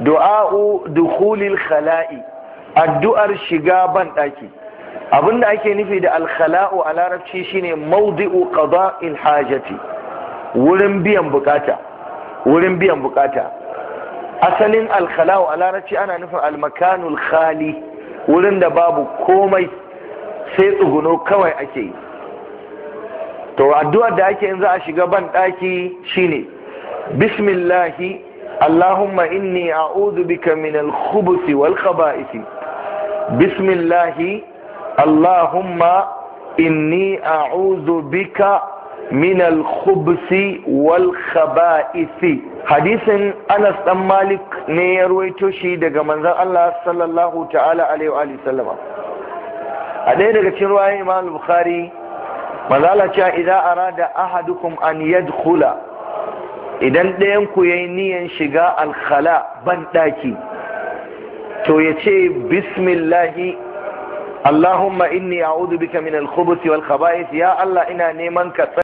du'a'u dukhulil khala'i addu'ar shiga ban daki abinda ake nufi da al-khala'u a larabci shine mawdi'u qada'il hajati wurin biyan bukata wurin biyan bukata asalin al-khala'u a larabci ana nufin al-makanul khali wurin da babu komai sai tsuguno kawai ake yi to addu'ar da ake yin za a shiga ban daki shine bismillahi اللهم إني أعوذ بك من الخبث والخبائث بسم الله اللهم إني أعوذ بك من الخبث والخبائث حديث أنس بن مالك نيروي توشي دغ منزل الله صلى الله تعالى عليه وآله وسلم أدي دغ تشروي إمام البخاري مزالا إذا أراد أحدكم أن يدخل idan ɗayan ku yayi niyan shiga alkhala ban ɗaki to ya ce bismillahi Allahumma inni a'udhu bika min al-khubuthi wal khaba'ith ya Allah ina neman ka